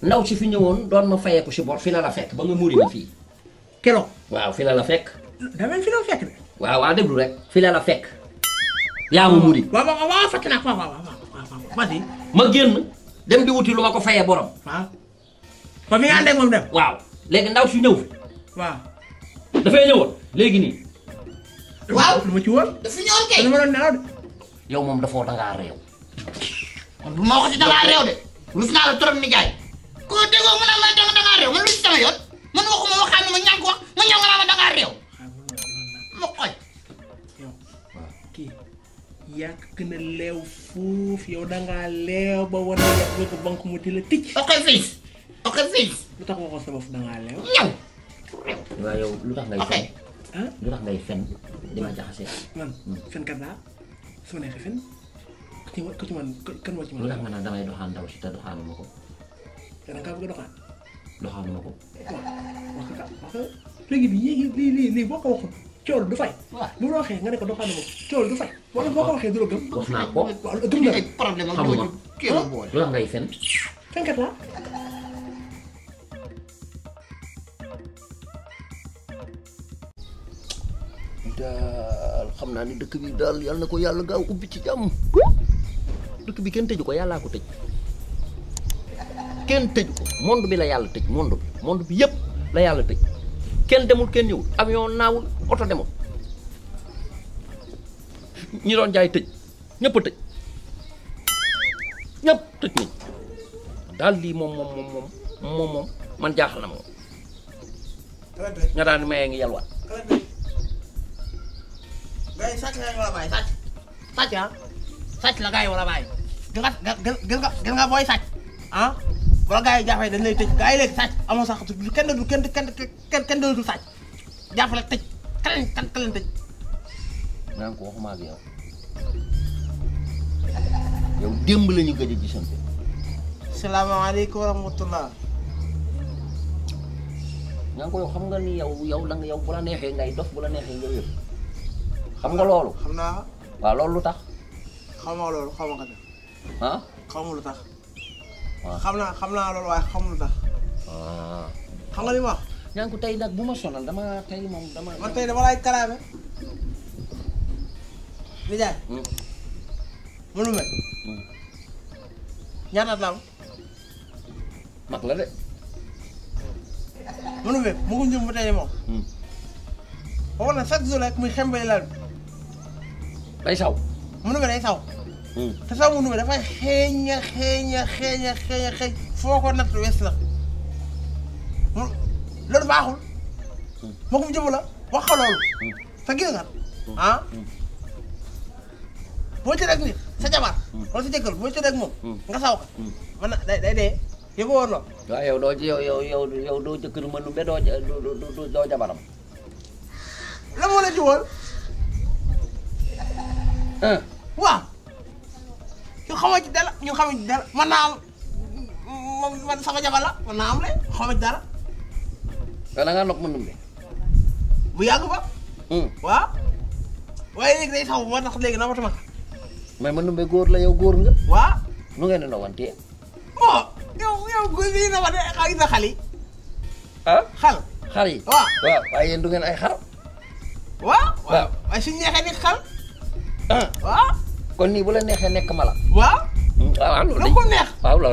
ndaw si fi ñëwoon doon ma fayeeku si bor fi la la fekk ba nga muuri ma fii keroog waaw fi la la fekk damay fi la fekk de waaw waaw déglu rek fi la la fekk yaa ma muuri waaw waaw waaw fekk naa waaw waaw Massi ma génn dem di wuti lu ma ko fayee borom. waaw mi nga ànd moom dem. waaw léegi ndaw su ñëw fi. waaw dafay ñëwoon léegi nii. waaw dafa ñëwoon kay dama si da ngaa réew de. rus naa la trop ni jaay. koo déggoo mu ne ma da ngaa réew lu ci sama yoon man waxuma waxaanu ma ñàkk wax ma ñëw nga naa ma da ngaa réew. Ah, ma yaa gën a leew fuuf yow da ngaa leew ba war na yàq ko banque mu di la ok fils ok fils. lu tax waxoo sa bopp da ngaa leew. ñaw. lu tax ngay fen. ah lu tax ngay fen di ma jaxase. man hmm. fen kat laa su ma neexee lu tax nga naan damay doxaan ndaw si te doxaanu ma ko. te da ngaa a doxaan. doxaanu ma ko. waaw wax wax nga léegi bi lii lii lii boo ko waxoon. cool du fay. waaw bu ñu ko waxee du la gëm. wax naa daal xam naa ni dëkk bi daal yàlla na ko yàlla gaaw ubbi ci jàmm. dëkk bi kenn tëju ko yàllaa ko tëj kenn tëju ko monde bi la yàlla tëj monde bi monde bi yëpp la yàlla tëj. kenn demul kenn ñëwul avion naawul oto demul ñi doon jaay tëj ñëpp tëj ñëpp tëj nañ daal lii moom moom moom moom moom moom man jaaxal na moom nga daan mayee ngi yalwaat gay sàcc la war a bàyyi sàcc sàcc ah. la gars war a bàyyi gën nga gën nga gën sàcc ah? wala gars yi jàppale dañ lay tëj gars yi léegi sàcc amoo sax du kenn du kenn kenn kenn kenn dootul sàcc jàppale tëj kaleen kan kaleen tëj. maanaam ko waxuma ak yow yow démb la gëj a gisante. salaamaaleykum wa rahmatulah. ñaa ngi ko yow xam nga ni yow yow da nga bu la neexee ngay dof bu la neexee nga wér. xam nga loolu. xam naa waaw loolu lu tax. xaw ma loolu xaw ma def. ah lu tax. xam naa xam naa loolu waaye xamul sax. Ah. xam nga li ma wax. ñaan ko tey nag bu ma sonal dama tey moom dama. man tey dama lay karaame. Nijaay. mënu hmm. ma. Hmm. ñaata at la am. mag la de. mënu ma mu ngi njëm ba tey moom. ba war na chaque jour rek muy xembali lal bi. day saw. mënu ma day saw. te saabu nu dafa xeeñ a xeeñ a xeeñ a xeeñ a xeeñ foo ko natt wees na loolu baaxul. moo ko mu jëmu la wax ko sa gis nga ah. boo ci rek sa jabar. wala sa jëkkër boo ci rek moom. nga saw day dee yëngu woon lool. waaw yow doo ci yow yow yow doo jëkkër jabaram. la moo la ci woon. waaw. ñu xamoo ci dara ñu xamuñ ci dara man naa am man sama jabar la man naa am leen xamuñ ci dara. waaw da ngaa nopp mën ndumbe bu yàgg ba. Hmm. waaw. waaye léegi day taw moo tax léegi na matuma. mais mën ndumbe góor la yow góor nga. waaw. nu ngeen di nawantee. bon oh, yow yow góor yi na wane ay na xal yi. ah xal. xar yi waaw waaw waaye yéen du ngeen ay xar. waaw waaw waaye suñu neexee nit xar. Ah. waaw. kon nii bu la neexee nekk mala. Hmm, la waaw loolu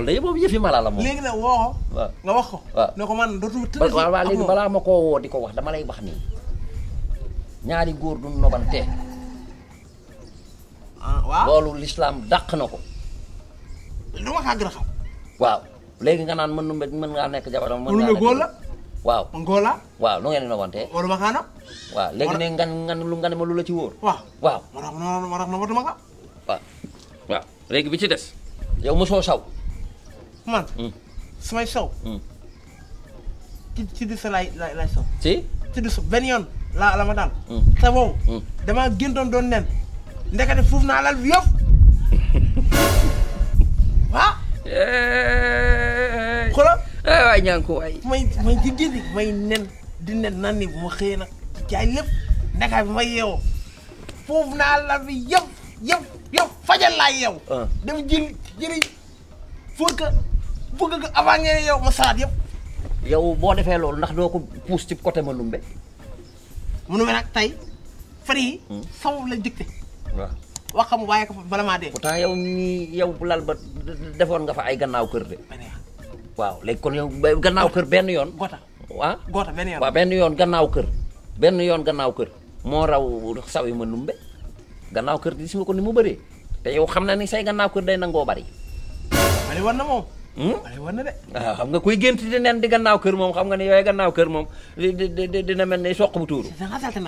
day ko neex. mala la moom. léegi nag woo ko. waaw nga wax ko. ko man dootuma tëdd. waaw woo di ko wax dama lay wax nii góor du nobante. ah waaw loolu lislaam dàq na ko. lu nga naan mën nu mën mën ngaa nekk góor la. waaw ngóor la. waaw lu ngeen di nobante. wala ma kaa waaw lu nga ne ma lu la ci wóor. waaw ma tax ma tax ma waaw léegi bi ci des yow mosoo saw. man. Hmm. samay hmm. saw. ci ci di sa laay laay laay ma daal. Hmm. te boobu. damaa gëntoon doon nen. ndekete fuuf naa lal bi yëpp. ah. xoolal. Eh, waay ñaa ngi ko may may ci gindi may nen di nen nan ni bu ma xëyee nag jaay lépp ndekaay bi may yeewoo fuuf naa lal bi yëpp yëpp. yow fajal laay yow. Ah. dem jëli jëli foog nga bëgg nga avant ngeen yow ma salaat yëpp. yow boo defee loolu ndax doo ko puus ci côté Maloumbe. mu ne ma nag tey fari yi. Hmm. sababu la jëkte. waaw waxam waaye ko bala maa dee. pourtant yow ñii yow lal ba defoon nga fa ay gannaaw kër de. waaw léegi kon yow gannaaw kër benn yoon. gota ah gota benn yoon. waaw benn yoon gannaaw kër. benn yoon gannaaw kër moo raw sawi Maloumbe. gannaaw kër gis nga ko ni mu bëree te yow xam na ni say gannaaw kër day nangoo bari. Aliou war na moom. Hmm? Aliou war na de. waaw ah, xam nga kuy gént di nen di gannaaw kër moom xam nga ni yooyu gannaaw kër moom di di dina ni soq bu tuuru. da nga salte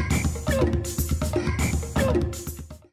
nag